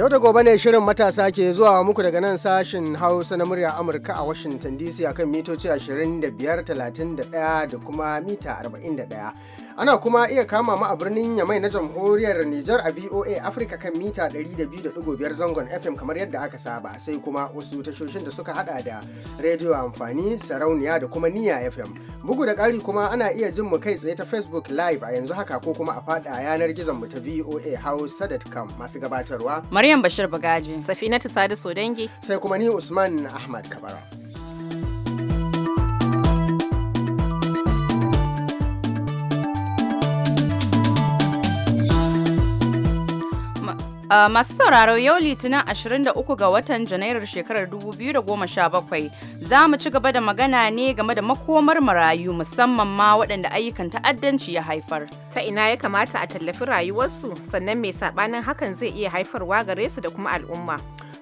Yau da gobe ne shirin matasa ke zuwa muku daga nan sashin Hausa na murya Amurka a Washington DC akan mitoci 25, 31 da kuma mita 41. Ana kuma iya kama mu a birnin Yamai na jamhuriyar Nijar a VOA Africa kan mita 102.5 zangon FM kamar yadda aka saba sai kuma wasu tashoshin da suka hada da rediyo amfani sarauniya da kuma niya FM. Bugu da ƙari kuma ana iya jin mu kai tsaye ta Facebook Live a yanzu haka ko kuma a fada yanar gizon mu ta VOA Hausa.com masu gabatarwa. Maryam Bashir Bagaji, Safinatu Sadisu Dangi. Sai kuma ni Usman Ahmad Kabara. Uh, masu sauraro yau litinin 23 ga watan janairar shekarar 2017 za mu ci gaba da magana ne game da makomar marayu musamman ma waɗanda ayyukan ta'addanci ya haifar. Ta ina ya kamata a tallafi rayuwarsu sannan mai saɓanin hakan zai iya haifarwa gare su da kuma al'umma.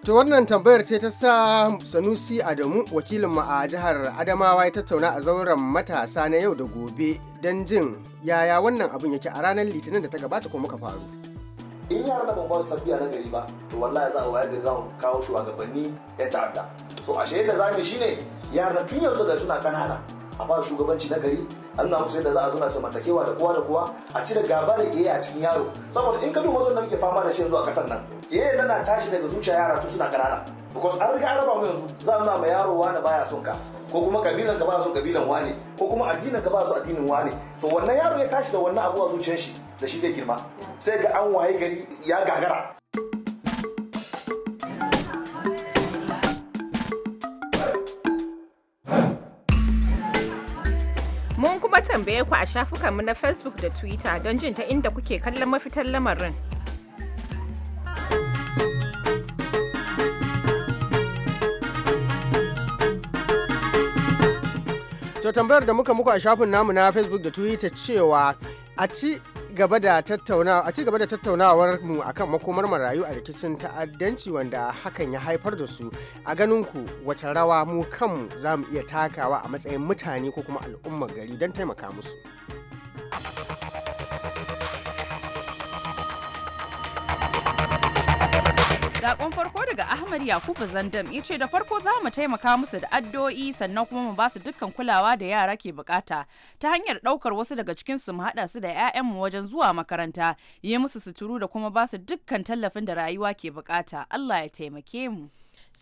To wannan tambayar ce ta sa Sanusi Adamu wakilin mu a jihar Adamawa ya tattauna a zauren matasa na yau da gobe don jin yaya wannan abin yake a ranar litinin da ta gabata ko muka faru. in yaran na bambam tafiya su tafiya na gari ba to wallahi za a wayar gari za mu kawo shugabanni yan ta'adda so ashe yadda za mu shine yaran tun yanzu da suna kanana a ba shugabanci na gari a musu yadda za a na samantakewa da kowa da kowa a cire gaba da ke a cikin yaro saboda in ka duba zo da muke fama da shi yanzu a kasar nan yayin na tashi daga zuciya yara tun suna kanana because an riga an raba mu yanzu za a nuna ma yaro wani baya son ka ko kuma kabilan ka ba su kabilan wani ko kuma addinin ka ba su addinin wani to wannan yaro ya tashi da wannan abuwa a zuciyar shi da shi zai girma sai ga an waye gari ya gagara mun kuma tambaye ku a shafukanmu na facebook da twitter don jin ta inda kuke kallon mafitar lamarin to tambayar da muka muku a shafin namu na facebook da twitter cewa a ci a ci gaba da tattaunawar mu akan makomar marayu a rikicin ta'addanci wanda hakan ya haifar da su a ganin ku wace rawa mu kanmu za mu iya takawa a matsayin mutane ko kuma al'ummar gari don taimaka musu. Sakon farko daga Ahmad Yakubu Zandam ya ce da farko za mu taimaka musu da addu'o'i sannan kuma mu ba su dukkan kulawa da yara ke bukata ta hanyar daukar wasu daga cikin su mu hada su da mu wajen zuwa makaranta yi musu suturu da kuma ba su dukkan tallafin da rayuwa ke bukata Allah ya taimake mu.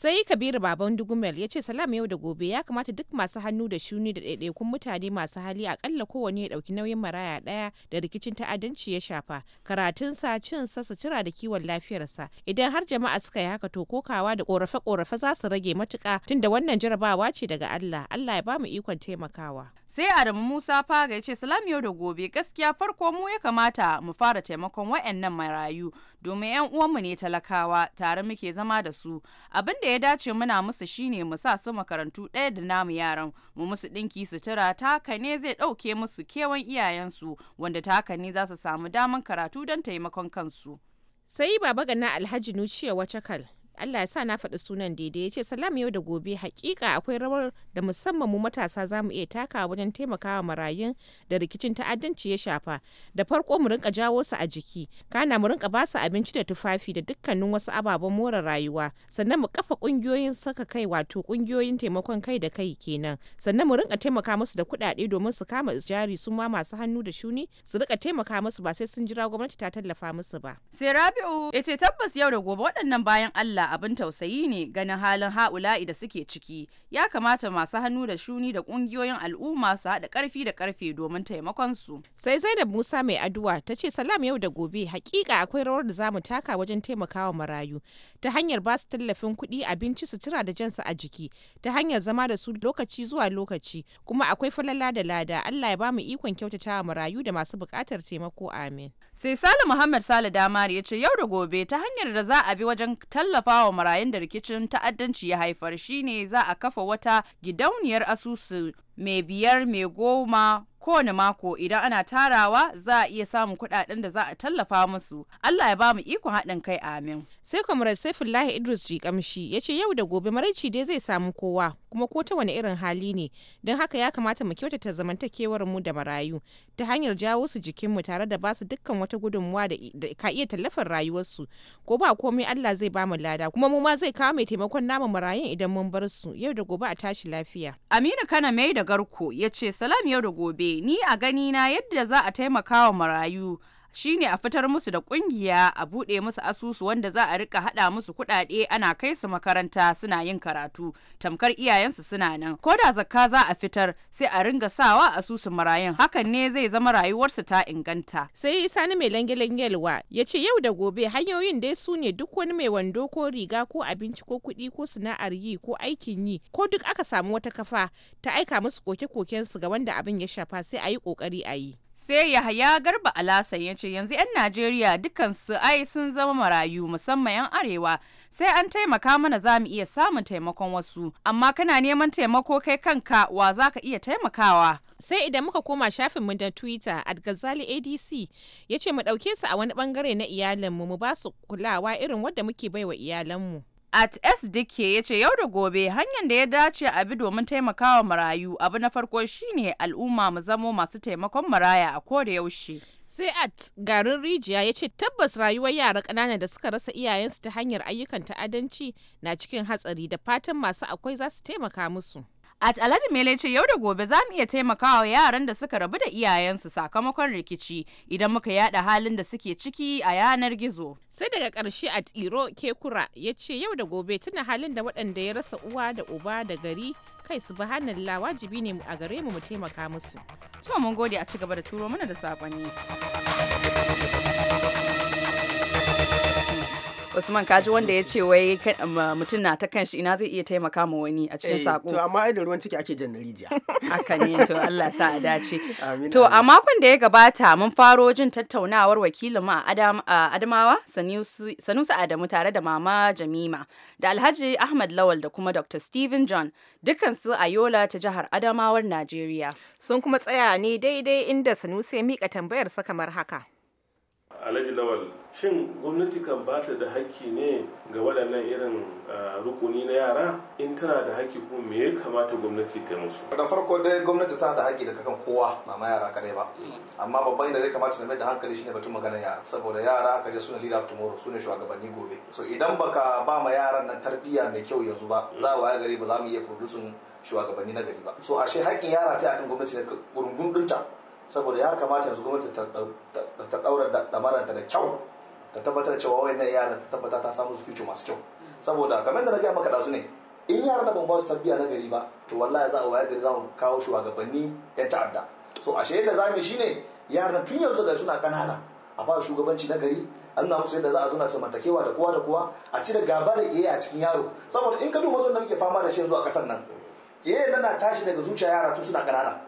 sai kabiru baban dugumel ya ce salam yau da gobe ya kamata duk masu hannu da shuni da ɗaiɗaikun mutane masu hali akalla kowane ya ɗauki nauyin maraya ɗaya da rikicin ta'addanci ya shafa karatun sa cin sa cira da kiwon lafiyarsa idan har jama'a suka yi haka to kokawa da ƙorafe-ƙorafe za su rage matuƙa tunda wannan jarabawa ce daga allah allah ya bamu ikon taimakawa sai adamu musa faga ya ce salam yau da gobe gaskiya farko mu ya kamata mu fara taimakon wayannan marayu domin yan uwanmu ne talakawa tare muke zama da su abin da ya dace muna musu shine mu sa su makarantu ɗaya da namu yaran mu musu ɗinki sutura haka ne zai ɗauke musu kewan iyayensu wanda ta haka ne za su samu daman karatu don taimakon kansu sai baba gana alhaji nuciya wacakal Allah ya sa na faɗi sunan daidai ya ce salam yau da gobe hakika akwai rawar da musamman mu matasa za mu iya taka wajen taimakawa marayun da rikicin ta'addanci ya shafa da farko mu rinka jawo su a jiki kana mu rinka basu abinci da tufafi da dukkanin wasu ababen more rayuwa sannan mu kafa kungiyoyin saka kai wato kungiyoyin taimakon kai da kai kenan sannan mu rinka taimaka musu da kuɗaɗe domin su kama jari su ma masu hannu da shuni su rika taimaka musu ba sai sun jira gwamnati ta tallafa musu ba. Sai Rabi'u ya ce tabbas yau da gobe waɗannan bayan Allah abin tausayi ne ganin halin ha'ula'i da suke ciki ya kamata masu hannu da shuni da kungiyoyin al'umma su haɗa karfi da karfe domin taimakon su sai sai da musa mai addu'a ta ce salam yau da gobe hakika akwai rawar da zamu taka wajen taimakawa marayu ta hanyar ba su tallafin kuɗi abinci sutura da jansu a jiki ta hanyar zama da su lokaci zuwa lokaci kuma akwai falala da lada allah ya ba mu ikon kyautatawa marayu da masu buƙatar taimako amin sai sale muhammad sale damari ya ce yau da gobe ta hanyar da za a bi wajen tallafa wa marayun da rikicin ta'addanci ya haifar shine za a kafa wata gidauniyar asusu mai biyar mai goma kowane mako idan ana tarawa za a iya samun kuɗaɗen da za a tallafa musu. Allah ya ba mu ikon haɗin kai amin. Sai Kamar Saifullahi Idris Jikamshi ya ce yau da gobe maraici dai zai samu kowa kuma ko ta wani irin hali ne don haka ya kamata mu kyautata zamantakewar mu da marayu ta hanyar jawo su jikin mu tare da basu dukkan wata gudunmuwa da ka iya tallafin rayuwarsu ko ba komai Allah zai ba mu lada kuma mu ma zai kawo mai taimakon namu marayun idan mun bar su yau da gobe a tashi lafiya. Aminu Kana mai da garko ya salam yau da gobe ni a gani na yadda za a taimaka wa marayu shine a fitar musu da kungiya a buɗe musu asusu wanda za a rika haɗa musu kuɗaɗe ana kai su makaranta suna yin karatu tamkar iyayensu suna nan ko da zakka za a fitar sai a ringa sawa asusun marayun hakan ne zai zama rayuwarsu ta inganta sai sani mai yalwa ya ce yau da gobe hanyoyin dai su ne duk wani mai wando ko riga ko abinci ko kuɗi ko sana'ar yi ko aikin yi ko duk aka samu wata kafa ta aika musu koke koken su ga wanda abin ya shafa sai a yi ƙoƙari a yi sai yahaya garba alasan ya ce yanzu 'yan najeriya dukansu ai sun zama marayu musamman 'yan arewa sai an taimaka mana za mu iya samun taimakon wasu amma kana neman taimako kai kanka wa za ka iya taimakawa sai idan muka koma shafin mu na twitter at gazali adc ya ce mu ɗauke su a wani bangare na iyalinmu mu ba su kulawa irin wadda muke baiwa iyalanmu at sdk ya ce yau da gobe hanyar da ya dace a bi domin taimakawa marayu abu na farko shine al'umma mu zamo masu taimakon maraya a koda yaushe sai at garin rijiya ya ce tabbas rayuwar yara ƙanana da suka rasa iyayensu ta hanyar ayyukan ta'addanci na cikin hatsari da fatan masu akwai za su taimaka musu At Alhaji Mele ce yau da gobe za mu iya taimakawa yaran da suka rabu da iyayensu sakamakon rikici idan muka yada halin da suke ciki a yanar gizo. Sai daga karshe a tiro kekura ya ce yau da gobe tuna halin da waɗanda ya rasa uwa da uba da gari kai su la wajibi ne a gare mu mu taimaka musu. To mun gode a ci gaba da turo mana da saƙonni. Usman kaji wanda ya ce wai mutum na ta kanshi ina zai iya taimaka ma wani a cikin eh, sako. To amma ruwan ciki ake jan rijiya. Haka ne to Allah sa a dace. To a makon da ya gabata mun faro jin tattaunawar wakilin mu a Adamawa Sanusi Adamu tare da Mama Jamima da Alhaji Ahmad Lawal da kuma Dr. Stephen John dukansu a Yola ta jihar Adamawar Najeriya. Sun kuma tsaya ne daidai inda Sanusi ya mika tambayar sa kamar haka. Alhaji Lawal shin gwamnati kan ba ta da hakki ne ga waɗannan irin ah, rukuni na yara in tana da hakki kuma me ya kamata gwamnati ta musu da farko dai gwamnati tana da hakki da kakan kowa ba ma yara kadai ba mm. amma babban da zai kamata na mai da hankali shine batun maganar yara saboda yara ka je suna leader of tomorrow sune shugabanni gobe so idan baka ba ma yaran nan tarbiyya mai kyau yanzu ba za a waye gari ba za mu iya producing shugabanni na gari ba so ashe haƙƙin yara ta akan gwamnati ne gurungun dinta saboda ya kamata yanzu gwamnati ta daura damaranta da kyau ta tabbatar cewa wayannan yaran ta tabbata ta samu su masu kyau saboda kamar da na gaya maka dazu ne in yaran da ban ba su tarbiya na gari ba to wallahi za a wayar gari za mu kawo shugabanni yan ta'adda so ashe yadda za mu shine yaran tun yanzu ga suna kanana a ba shugabanci na gari an na musu yadda za a zo na samantakewa da kowa da kowa a cire gaba da iyaye a cikin yaro saboda in ka duba zuwa da muke fama da shi yanzu a kasan nan kiyaye nan na tashi daga zuciya yara tun suna kanana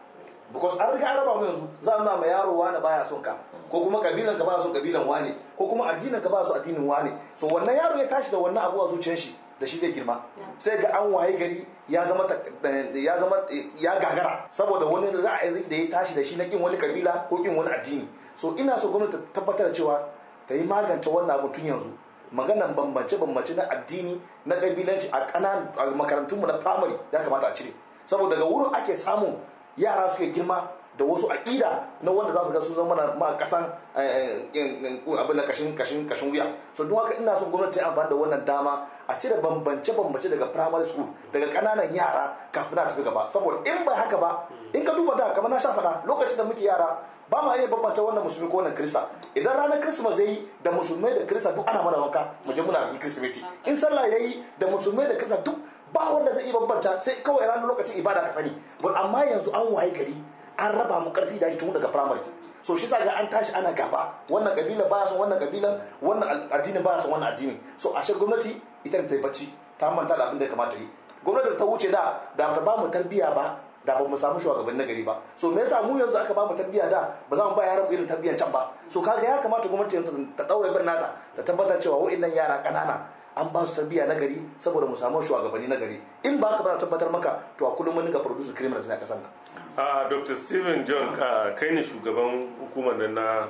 because an riga araba raba mu yanzu za a ma yaro wani baya son ka ko kuma kabilan ka baya son kabilan wani ko kuma addinin ka baya son addinin wani so wannan yaro ya tashi da wannan abu a zuciyar shi da shi zai girma sai ga an waye gari ya zama eh, ya zama eh, ya gagara saboda wani ra'ayin da ya tashi da shi na kin wani kabila ko kin wani addini so ina so gwamnati ta tabbatar da cewa ta yi magance wannan abu tun yanzu maganan bambance bambance na addini na kabilanci a ƙananan makarantunmu na primary ya kamata a cire saboda daga wurin ake samun yara suke girma da wasu aƙida na wanda za su ga su zama na ma kasan eh, eh, abin na kashin kashin kashin wuya so don haka ina son gwamnati ta amfani da wannan dama a cire bambance bambance daga primary school daga kananan yara kafin na tafi gaba saboda in ba haka ba in ka duba da kamar na sha faɗa lokacin da muke yara ba ma iya bambance wannan musulmi ko wannan kirista idan ranar christmas yi da musulmai da krista duk ana mana wanka mu je muna yi kirsimeti in sallah ya yi da musulmai da krista duk ba wanda zai iya bambanta sai kawai ranar lokacin ibada ka sani but amma yanzu an waye gari an raba mu karfi da tun daga primary so shi ga an tashi ana gaba wannan kabila ba son wannan kabila wannan addinin ba son wannan addinin so ashe gwamnati ita ta yi bacci ta manta da abin da ya kamata yi gwamnatin ta wuce da da ta ba mu tarbiya ba da ba mu samu shugaban nagari ba so me yasa mu yanzu aka ba mu tarbiya da ba za mu ba yaran irin tarbiyan can ba so kaga ya kamata gwamnati ta daure birnata ta tabbatar cewa wa'annan yara kanana an ba su tarbiya na gari saboda mu samu shugabanni na gari in ba ka ba tabbatar maka to a kullum wani ga producer criminal na kasan ka Dr. Steven John kai ne shugaban hukumar nan na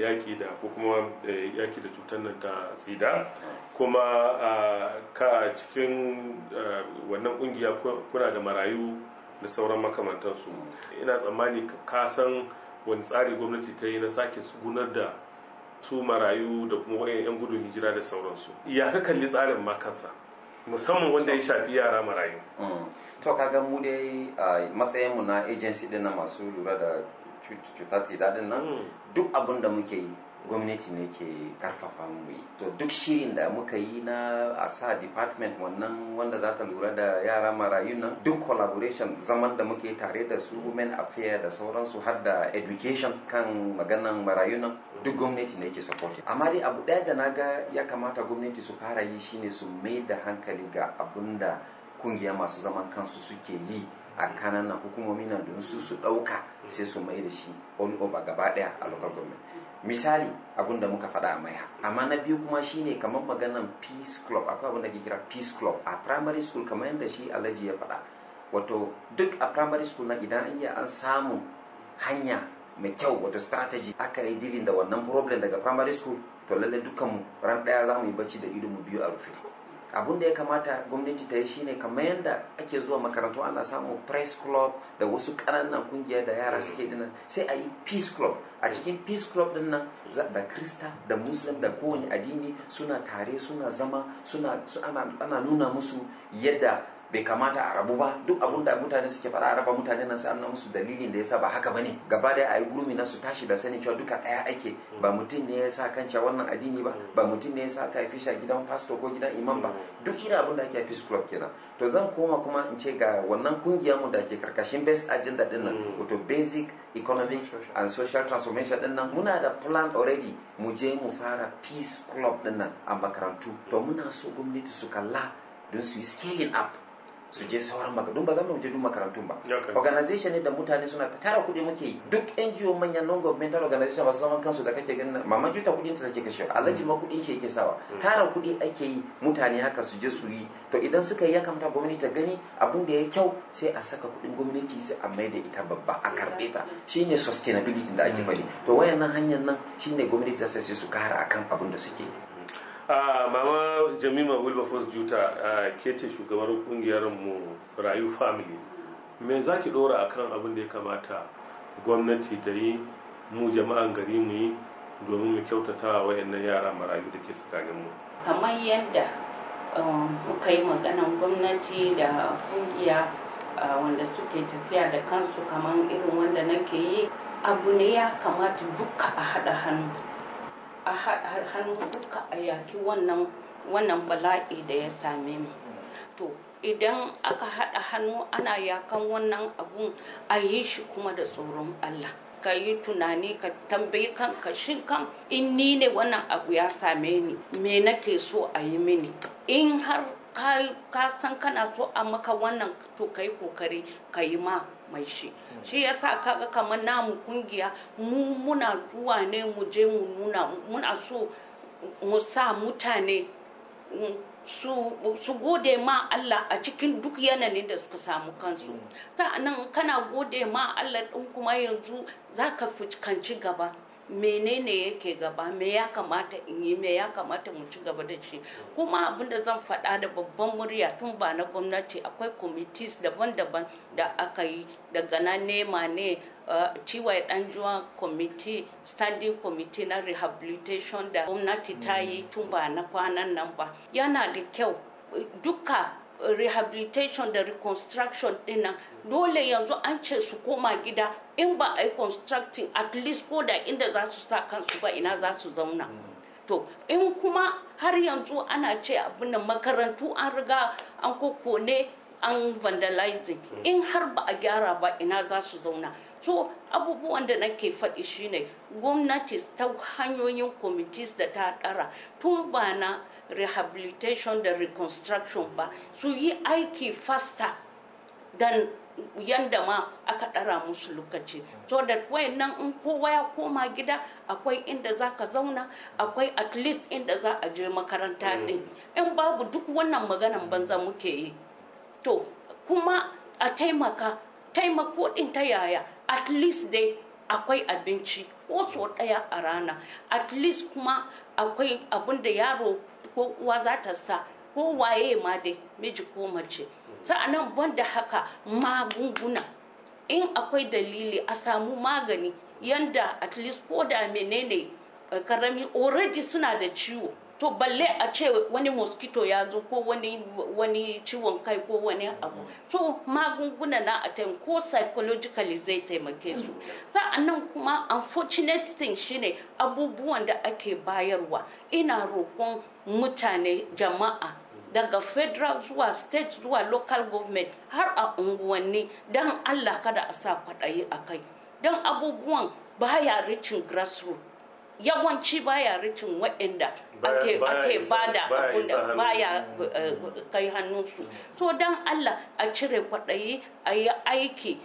yaki da ko kuma e, yaki da cutar nan ta tsida kuma ka cikin e, wannan kungiya kuna da marayu da sauran makamantansu ina tsammani ka san wani tsari gwamnati ta yi na sake sugunar da su marayu da kuma wayan yan gudun hijira da sauransu ya ka kalli tsarin ma kansa musamman wanda ya shafi yara marayu mm. to kaga mu dai a matsayin mu na agency din na masu lura da cutar sida nan mm. duk abin da muke yi gwamnati ne ke karfafa mu yi to duk shirin da muka yi na a sa department wannan wanda za ta lura da yara marayu nan duk collaboration zaman da muke tare da su women affairs da sauransu har da education kan maganan marayu nan duk gwamnati ne ke supporting amma dai abu ɗaya da na ga ya kamata gwamnati su fara yi shine su mai da hankali ga abun da kungiya masu zaman kansu suke yi a kananan hukumomi na don su su ɗauka sai su mai da shi all over gaba ɗaya a local government misali abin da muka faɗa mai amma na biyu kuma shine kamar maganan peace club akwai abin da ke kira peace club a primary school kamar yadda shi alhaji ya faɗa wato duk a primary school na idan an yi an samu hanya mai kyau wato strategy aka yi dilin da wannan problem daga primary school to lallai dukkanmu ran ɗaya za mu yi bacci da idonmu biyu a rufe abun da ya kamata gwamnati ta yi shine kamar yadda ake zuwa makarantu ana samu press club da wasu ƙananan kungiya da yara suke mm. dinnan sai a yi peace club a cikin peace club din nan da krista da muslim da kowane addini suna tare suna zama suna ana nuna musu yadda bai kamata a rabu ba duk abun da mutane suke faɗa a raba mutane na sai musu dalilin da yasa ba haka bane gaba da ayi gurumi na su tashi da sani cewa duka daya ake ba mutum ne ya sa wannan addini ba ba mutum ne yasa sa ka fisha gidan pastor ko gidan imam ba duk ina abun da ake fis club kenan to zan koma kuma in ce ga wannan kungiyar mu da ke karkashin best agenda din nan mm. wato basic economic and social transformation din nan muna da plan already mu je mu fara peace club din nan a makarantu to muna so gwamnati su kalla don su yi scaling up su je sauran makarantu ba za mu je duk makarantun ba organization ne da mutane suna tara kuɗi muke duk NGO manyan non governmental organization masu zaman kansu da kake ganin mama juta kuɗin ta take kashewa mm. alaji ma kuɗin shi yake sawa mm. tara kuɗi ake yi mutane haka su je su yi to idan suka yi ya kamata gwamnati ta gani abun da ya kyau sai a saka kuɗin gwamnati sai a mai da ita babba a karɓe ta shine sustainability da ake mm. faɗi to wayannan hanyar nan shine gwamnati ta sai su kara akan abun da suke Ah, mama jamima wilberforce juta ah, ke ce shugabar kungiyar mu rayu family me za ki dora akan abin da ya kamata gwamnati ta yi mu jama'an gari mu yi domin mu kyautata wa wayannan yara marayu da ke tsakanin mu kamar yadda um, muka yi maganan gwamnati da kungiya ah, wanda suke tafiya da kansu kamar irin wanda nake yi abu ne ya kamata duka a haɗa hannu a hannu duka a yaki wannan wannan bala'i da ya same mu to idan aka haɗa hannu ana yakan wannan abun a yi shi kuma da tsoron Allah ka yi tunani ka tambayi kanka shin kan in ni ne wannan abu ya same ni me nake so a yi mini in har ka san kana so a maka wannan to ka yi kokari ka yi ma mai shi shi yasa kaga kamar namu kungiya mu muna zuwa ne mu je mu nuna muna so mu sa mutane mm, su gode ma Allah a cikin duk yanayin da suka samu kansu mm. sa'annan kana gode ma Allah ɗin kuma yanzu zaka ka fuskanci gaba menene yake gaba me ya kamata in yi me ya kamata mu ci gaba da shi kuma abin da zan faɗa da babban murya tun ba na gwamnati akwai committees daban-daban da aka yi daga na nema ne ciwai eh, danjuwa committee standing committee na rehabilitation da gwamnati ta yi mm. tun ba na kwanan nan ba yana da kyau duka Uh, rehabilitation da reconstruction dinnan dole yanzu an ce su koma gida in ba a yi constructing at least ko da inda za su sa kansu ba ina za su zauna mm. to in kuma har yanzu ana ce abin makarantu an riga an koko ne an vandalizing mm. in har ba a gyara ba ina za su zauna so abubuwan da nake faɗi shine gwamnati ta hanyoyin committees da ta ɗara tun ba na rehabilitation da reconstruction ba su yi aiki fasta dan yanda ma aka ɗara musu lokaci so way nan in kowa ya koma gida akwai inda za ka zauna akwai at least inda za a je makaranta mm. ɗin in babu duk wannan maganan banza muke yi to kuma a taimaka taimako ɗin ta yaya at least dai akwai abinci ko so ɗaya a rana at least kuma akwai abin da yaro ko uwa za ta sa ko waye ma dai miji ko mace ta ban banda haka magunguna in akwai dalili a samu magani yanda at least ko da menene karami eh, already suna da ciwo to balle a ce wani mosquito ya zo ko wani wani ciwon kai ko wani abu to magunguna na a ko psychologically zai taimake su nan kuma unfortunate thing shine abubuwan da ake bayarwa ina rokon mutane jama'a daga federal zuwa state zuwa local government har a unguwanni don allah kada a sa kwaɗayi a kai don abubuwan baya ricin grassroot yawanci baya rikin waɗanda ake bada da baya eh, kai hannunsu to don allah a cire kwaɗayi a yi aiki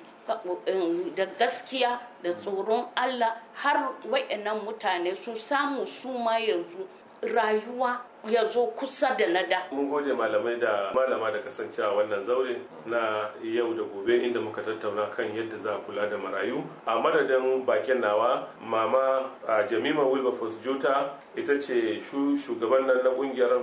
eh, da gaskiya da tsoron allah har waɗannan mutane su samu su ma yanzu rayuwa ya kusa da na da. Mun gode malamai da malama da kasancewa wannan zaure na yau da gobe inda muka tattauna kan yadda za a kula da marayu. A madadin bakin nawa mama Jamima Wilberforce Jota ita ce shugaban nan na kungiyar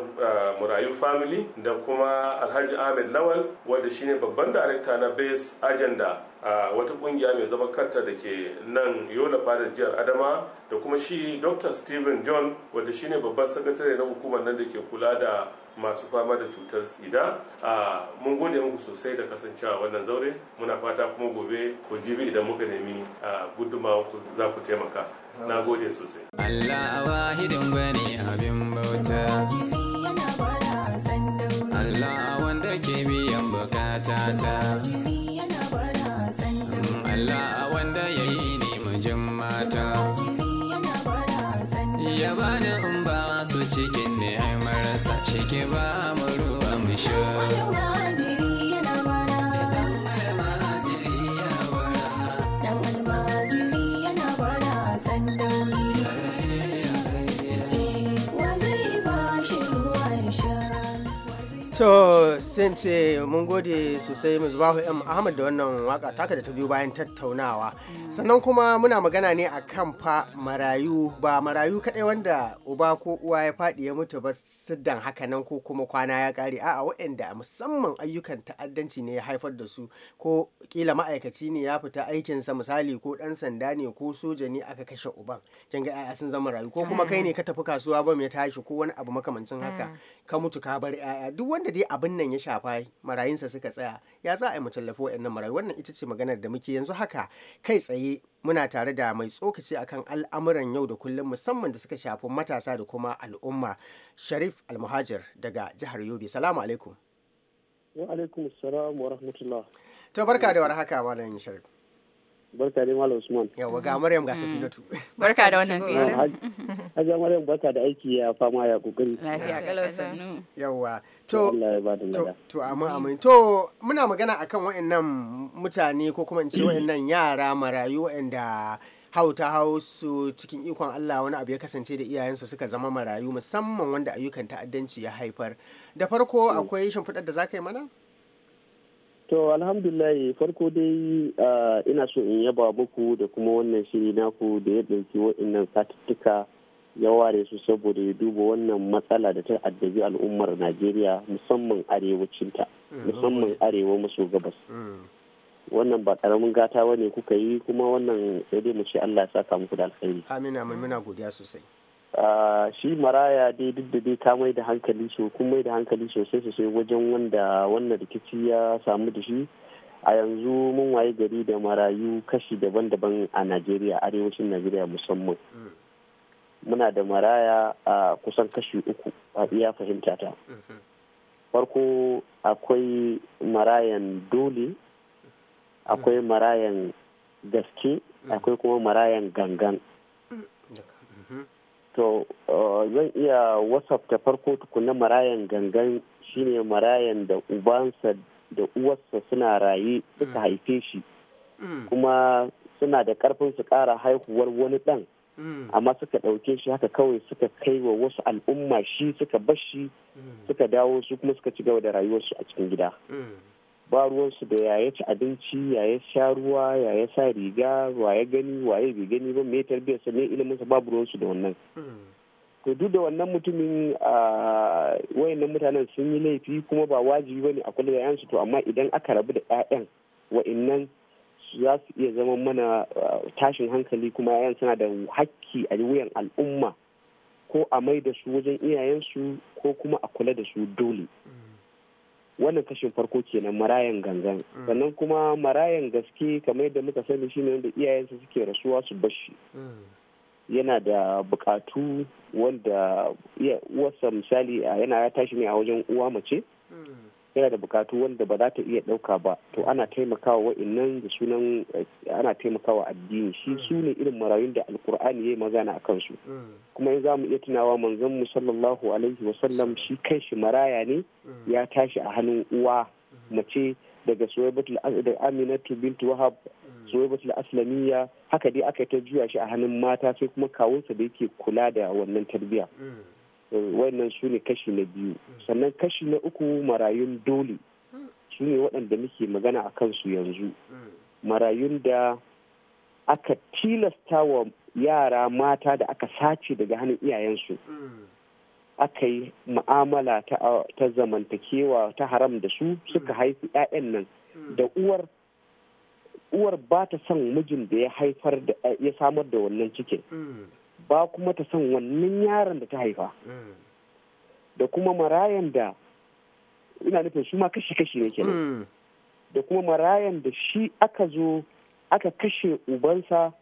marayu family da kuma Alhaji Ahmed Lawal wanda shine babban darekta na Base Agenda a wata kungiya mai zama kanta da ke nan yola fadar jihar Adama da kuma shi Dr. Steven John wanda shine babban sakatare na hukumar mutanen da ke kula da masu fama da cutar tsida a mun gode muku sosai da kasancewa wannan zaure muna fata kuma gobe ko jibi idan muka nemi a gudunmawa za ku taimaka na gode sosai To sun ce mun gode sosai Musbahu M Ahmad da wannan waka taka da ta biyu bayan tattaunawa. Sannan kuma muna magana ne a kan fa marayu ba marayu kadai wanda uba ko uwa ya faɗi ya mutu ba siddan haka nan ko kuma kwana ya ƙare a'a waɗanda musamman ayyukan ta'addanci ne ya haifar da su ko kila ma'aikaci ne ya fita aikinsa misali ko ɗan sanda ne ko soja ne aka kashe uban kin ga sun zama rayu ko kuma kai ne ka tafi kasuwa ba mai tashi ko wani abu makamancin haka mm. ka mutu ka bar 'ya'ya. duk wanda haka dai abin nan ya shafa marayunsa suka tsaya ya za a yi mutallafo tallafi wa'annan marayu wannan ita ce maganar da muke yanzu haka kai tsaye muna tare da mai tsokaci akan al'amuran yau da kullum musamman da suka shafi matasa da kuma al'umma sharif almuhajir daga jihar yobe salamu alaikum wa alaikum assalam wa rahmatullah to barka da warhaka malam sharif barka ne malam usman yawa ga maryam ga safinatu mm. barka da wannan fira hajji maryam barka da aiki ya fama ya kokari lafiya kalau yawa to to amma amma to muna magana akan wayannan mutane ko kuma in ce wayannan yara marayu wayanda hau su cikin ikon Allah wani abu ya kasance da iyayensu suka zama marayu musamman wanda ayyukan ta'addanci ya haifar da farko mm. akwai shimfiɗar da za ka yi mana To alhamdulillah farko dai ina so in yaba muku da kuma wannan shiri naku da ya ɗauki waɗannan satuttuka ya ware su saboda ya duba wannan matsala da ta addabi al'ummar Najeriya musamman arewacinta eh, musamman arewa maso gabas. Eh. Wannan ba ƙaramin gata wani kuka yi kuma wannan sai dai mu ce Allah ya saka muku da alkhairi. Amina muna godiya sosai. shi maraya dai duk da dai ta mai da hankali so kun mai da hankali sosai sosai wajen wanda wannan rikici ya samu da shi a yanzu mun waye gari da marayu kashi daban-daban a najeriya arewacin najeriya musamman muna da maraya a kusan kashi uku a iya fahimta ta farko akwai marayan dole akwai marayan gaske akwai kuma marayan gangan to uh, zan iya wasafta farko tukuna marayan gangan shine marayan da ubansa da uwarsa suna raye suka mm. haife shi mm. kuma suna da karfin su kara haihuwar wani dan mm. amma suka dauke shi haka kawai suka kai wa wasu al'umma shi suka bashi suka dawo su kuma suka ci gaba da rayuwarsu a cikin gida. ba ruwansu da yaya ci abinci yaya sha ruwa yaya sa riga waye gani waye bai gani ba me ne ilimin sa babu ruwansu da wannan to duk da wannan mutumin wayannan mutanen sun yi laifi kuma ba wajibi bane a kula da yayansu to amma idan aka rabu da 'ya'yan wa'innan za su iya zama mana tashin hankali kuma 'ya'yan suna da hakki a wuyan al'umma ko a mai da su wajen iyayensu ko kuma a kula da su dole. wannan kashin farko kenan marayan gangan mm. sannan kuma marayan gaske kamar yadda muka sani shine wanda iyayensa suke rasuwa su bashi mm. yana da bukatu wanda uwarsa misali yana ya tashi ne a wajen uwa mace mm. yana da bukatu wanda ba za ta iya ɗauka ba to ana taimakawa wa'innan da sunan ana taimakawa addini shi mm. su ne irin marayun da alkur'ani ya yi magana a kansu mm. kuma in za mu iya tunawa manzon mu sallallahu alaihi wa sallam shi kai shi maraya ne mm. ya tashi a hannun uwa mace daga suwaibatul da aminatu bintu wahab suwaibatul aslamiyya haka dai aka ta juya shi a hannun mata sai kuma kawunsa da yake kula da wannan tarbiyya wannan su ne kashi na biyu sannan kashi na uku marayun dole su ne waɗanda muke magana a kansu yanzu marayun da aka tilasta wa yara mata da aka sace daga hannun iyayensu aka yi ma'amala ta zamantakewa ta haram da su suka haifi 'ya'yan nan da uwar uwar ba ta son mijin da ya haifar da ya samar da wannan cikin ba kuma ta san wannan yaron da ta haifa mm. da kuma marayan da ina nufin su ma kashi-kashi ne kenan mm. da kuma marayan da shi aka zo aka kashe ubansa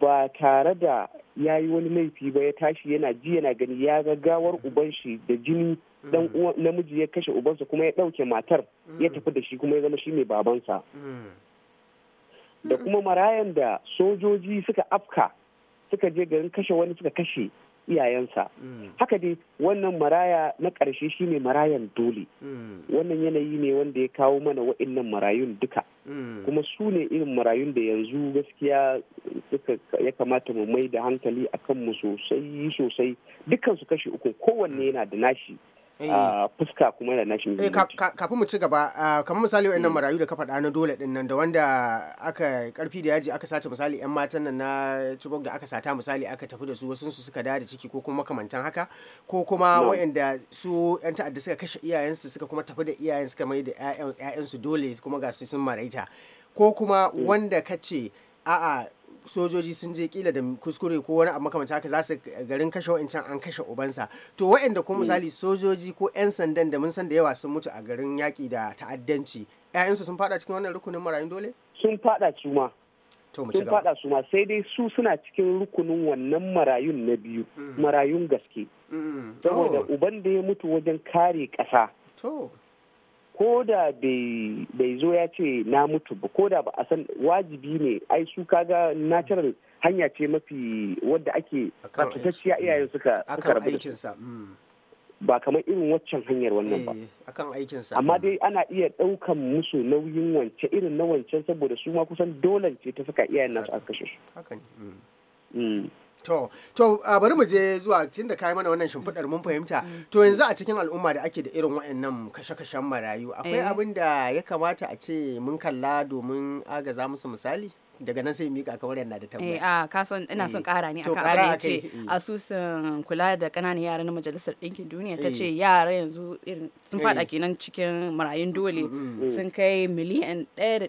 ba tare da ya yi wani laifi ba ya tashi yana ji yana gani ya ga gawar uban shi da jini mm. dan namiji ya kashe ubansa kuma ya ɗauke matar ya tafi da shi kuma ya zama shi ne babansa da kuma marayan da sojoji suka afka suka je garin kashe wani suka kashe iyayensa mm. haka dai wannan maraya na ƙarshe shine marayan dole mm. wannan yanayi ne wanda ya kawo mana wa'innan marayun duka mm. kuma su ne irin marayun da yanzu gaskiya ya kamata mu mai da hankali a kanmu sosai sosai dukansu kashe uku kowanne yana da nashi Eh. fuska kuma da eh, kafin mu ci gaba kamar misali wa'annan marayu da ka na dole din nan da wanda aka karfi da yaji aka sace misali yan matan nan na cibok da aka sata misali aka tafi da su wasu su suka da ciki ko kuma makamantan haka ko kuma da su yan ta'adda suka kashe iyayensu suka kuma tafi da iyayen suka mai da ƴaƴansu dole kuma ga su sun maraita ko kuma mm. wanda ka ce a'a sojoji sun je kila da kuskure ko wani abu makamanta haka za su garin kashe wa'ancan an kashe ubansa to wa'anda ko hmm. misali sojoji ko 'yan sandan da mun san da yawa sun mutu a garin yaki da ta'addanci 'ya'yansu sun fada cikin wannan rukunin marayun dole sun fada su ma sun fada su ma sai dai su suna cikin rukunin wannan marayun na biyu hmm. marayun gaske hmm. saboda oh. uban da ya mutu wajen kare ƙasa ko da bai zo ya ce na mutu ba ko da ba a san wajibi ne ai su kaga natural hanya ce mafi wadda ake tatacciya iyayen suka suka rabu mm. ba kamar irin waccan hanyar wannan ba eh, amma mm. dai ana iya ɗaukan musu nauyin wance irin na wancan saboda su ma kusan dolance ta saka iyayen nasu a kashe su mm. To, to bari mu je zuwa cikin da kayi mana wannan shimfiɗar mun fahimta. Mm. To yanzu a cikin al'umma da ake da irin waɗannan kashe-kashen marayu akwai eh. abin da ya kamata a ce mun kalla domin agaza musu misali? daga nan sai mika kamar yana da tambaya. Eh a kasan ina son kara eh. ne akan abin ce asusun kula da kananan yara na majalisar ɗinkin duniya ta ce eh. yara yanzu irin sun fada kenan cikin marayun dole mm, mm, sun kai miliyan 1.4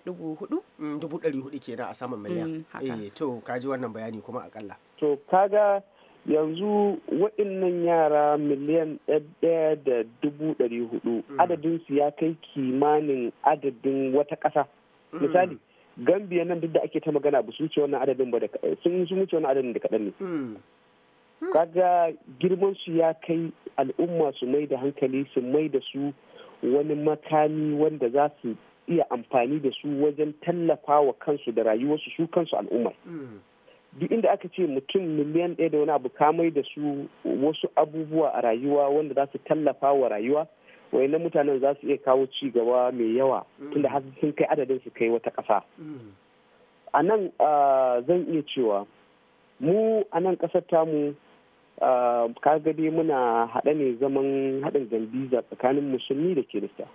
dubu ɗari hudu kenan a saman miliyan. Eh to kaji wannan bayani kuma akalla. to kaga yanzu waɗannan yara miliyan ɗaya da dubu ɗari hudu mm. adadinsu ya kai kimanin adadin wata ƙasa mm. misali gambiya nan duk da ake ta magana ba su wuce wannan adadin ba da sun wuce wannan adadin da kaɗan ne mm. hmm. kaga girman su ya kai al'umma su mai da hankali su mai da su wani makami wanda za su iya amfani da su wajen tallafa wa kansu da rayuwarsu su kansu al'ummar duk inda aka ce mutum miliyan ɗaya da wani abu kamai da su wasu abubuwa a rayuwa wanda za su tallafa wa rayuwa wayannan mutanen za su iya kawo ci gaba mai yawa mm. tunda har sun kai adadin su kai wata ƙasa mm. a nan zan iya cewa mu a nan ƙasar tamu ka dai muna haɗa ne zaman haɗin gambiza tsakanin musulmi da kirista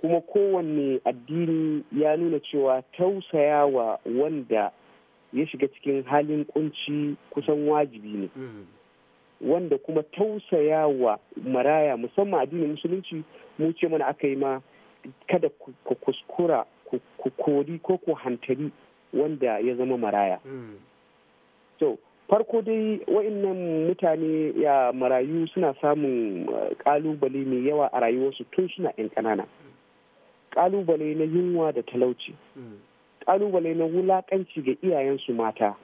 kuma kowanne addini ya nuna cewa tausaya wa wanda ya shiga cikin halin kunci kusan wajibi ne hmm. wanda kuma tausaya wa maraya musamman addinin musulunci mu ce mana aka yi ma kada ku kuskura ku kori ko ku hantari wanda ya zama maraya so hmm. farko dai wa'annan mutane ya marayu suna samun kalubale eh, mai yawa a rayuwarsu tun suna 'yan ƙanana kalubale hmm. na yunwa da talauci kalubale na wulakanci ga iyayensu mata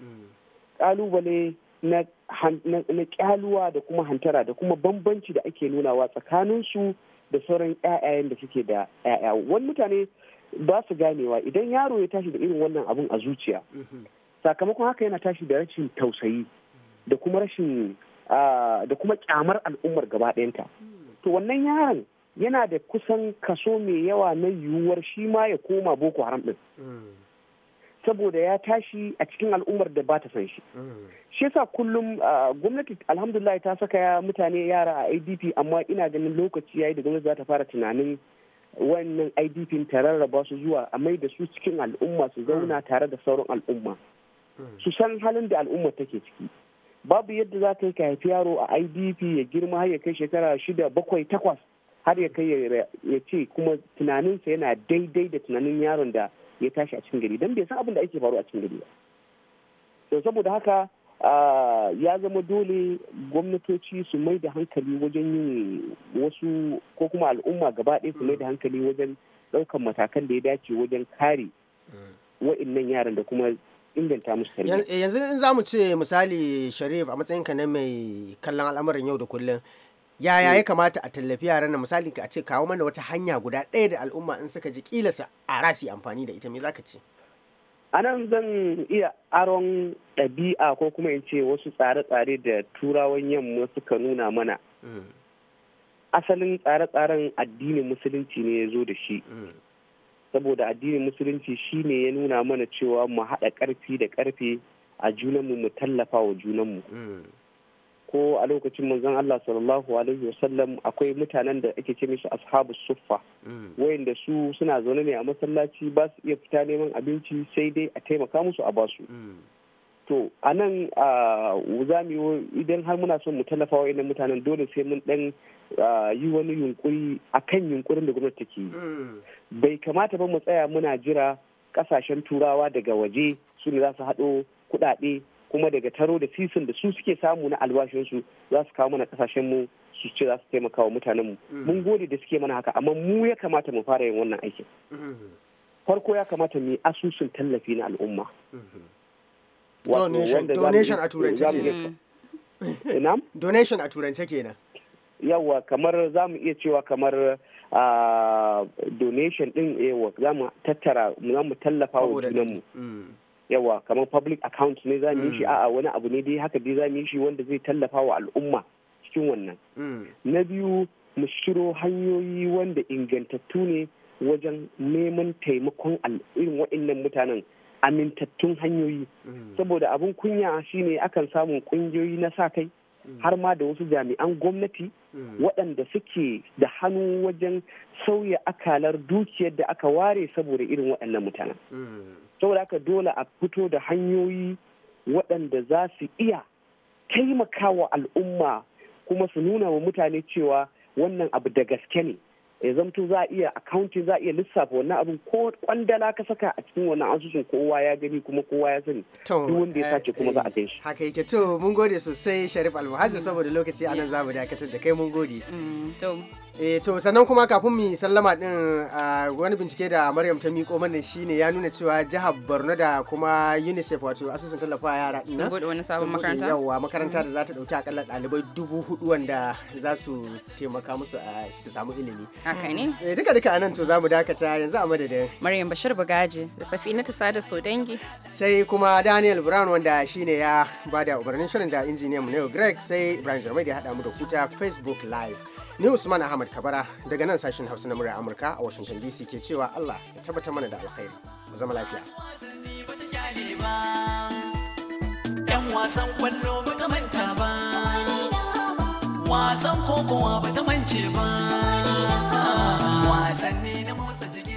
kalubale na kyaluwa da kuma hantara da kuma bambanci da ake nunawa tsakaninsu da sauran 'ya'yayen da suke da 'ya'ya wani mutane ba su ganewa idan yaro ya tashi da irin wannan abun a zuciya sakamakon haka yana tashi da rashin tausayi da kuma rashin da kuma kyamar al'ummar gabaɗayanta. to wannan yaron yana da kusan kaso mai yawa na yiwuwar shi ma ya koma boko haram ɗin saboda ya tashi a cikin al'ummar da ba ta san shi shi yasa kullum gwamnati alhamdulillah ta saka mutane yara a idp amma ina ganin lokaci yayi da gwamnati za ta fara tunanin wannan idp ta rarraba su zuwa a mai da su cikin al'umma su zauna tare da sauran al'umma su san halin da al'umma take ciki babu yadda za ta yi ka haifi yaro a idp ya girma har ya kai shekara shida bakwai takwas har ya kai ya ce kuma tunaninsa yana daidai da tunanin yaron da ya tashi a cikin gari don bai san abin da ake faru a cikin gari ba to saboda haka ya zama dole gwamnatoci su mai da hankali wajen yin wasu ko kuma al'umma gaba ɗaya su mai da hankali wajen ɗaukan matakan da ya dace wajen kare wa'innan yaran da kuma inganta musu tarbiyya eh, yanzu in za mu ce misali sharif a matsayinka na mai kallon al'amarin yau da kullum yaya eh. ya kamata a tallafi yaran nan misali ka ce kawo mana wata hanya guda ɗaya da al'umma in suka ji kila ara a rasi amfani da ita me zaka ce a nan zan iya aron ɗabi'a ko kuma in ce wasu tsare-tsare da turawan yamma suka nuna mana mm. asalin tsare-tsaren addinin musulunci ne ya zo da shi mm. saboda addinin musulunci shi ne ya nuna mana cewa mu haɗa ƙarfi da ƙarfe a junanmu mu tallafa wa junanmu mm. ko a lokacin manzon Allah sallallahu alaihi wasallam akwai mutanen da ake ce musu ashabu suffa mm. wayanda su suna zaune ne a masallaci ba su iya fita neman abinci sai dai a taimaka musu a basu mm. to a nan za mu idan har muna son mu tallafa wa mutanen dole sai mun dan yi wani yunkuri akan yunkurin da gwamnati take yi mm. bai kamata ba mu tsaya muna jira kasashen turawa daga waje su ne za su haɗo kuɗaɗe kuma daga taro da sisin da su suke samu na albashinsu za su kawo mana kasashen mu su ce za su taimaka wa mutanenmu mm. mun gode da suke mana haka amma mu ya kamata mu fara yin wannan aikin mm. farko ya kamata mu yi asusun tallafi na al'umma mm. eh, donation a turance kenan donation yawa kamar za mu iya cewa kamar ah, donation din yawa eh, za mu tattara za mu tallafa wa junanmu yawa kamar public account ne za mu yi shi mm. a'a wani abu ne dai haka dai za mu yi shi wanda zai tallafa wa al'umma cikin wannan mm. na biyu mu shiro hanyoyi wanda ingantattu ne wajen neman taimakon irin waɗannan mutanen amintattun hanyoyi mm. saboda abin kunya shine akan samun ƙungiyoyi na sa kai har ma da wasu jami'an gwamnati waɗanda suke da hannu wajen sauya akalar dukiyar da aka ware saboda irin waɗannan mutanen saboda haka dole a fito da hanyoyi waɗanda za su iya taimakawa al'umma kuma su nuna wa mutane cewa wannan abu da gaske ne ya zamto za a iya akaunti za a iya lissafa wannan abin ko kwandala ka saka a cikin wannan asusun kowa ya gani kuma kowa ya sani duk wanda ya sace kuma za a kai eh, shi haka yake to mun gode sosai Sharif Almuhajir saboda lokaci anan zamu dakatar da kai mun gode mm, eh to sannan kuma kafin mu sallama din wani bincike da Maryam ta miko mana shine ya nuna cewa jihar Borno da kuma UNICEF wato asusun tallafa yara din sun bude wani sabon makaranta yawa makaranta mm. da za ta dauki akalla dalibai dubu hudu wanda za su taimaka musu su samu ilimi haka ne eh duka duka anan to zamu dakata yanzu a madadin Maryam Bashir Bagaje da Safina so Sodangi sai kuma Daniel Brown wanda shine ya bada umarnin shirin da injiniyan mu ne Greg sai ibrahim Jarmai da ya hada mu da kuta Facebook live Ni Usman Ahmad Kabara daga nan sashen Hausa na murya Amurka a Washington DC ke cewa Allah ya tabbatar mana da alkhairi. Mu zama lafiya. wasan kwallo ba ta manta ba. Wasan kokowa mance ba. Wasanni na motsa jiki.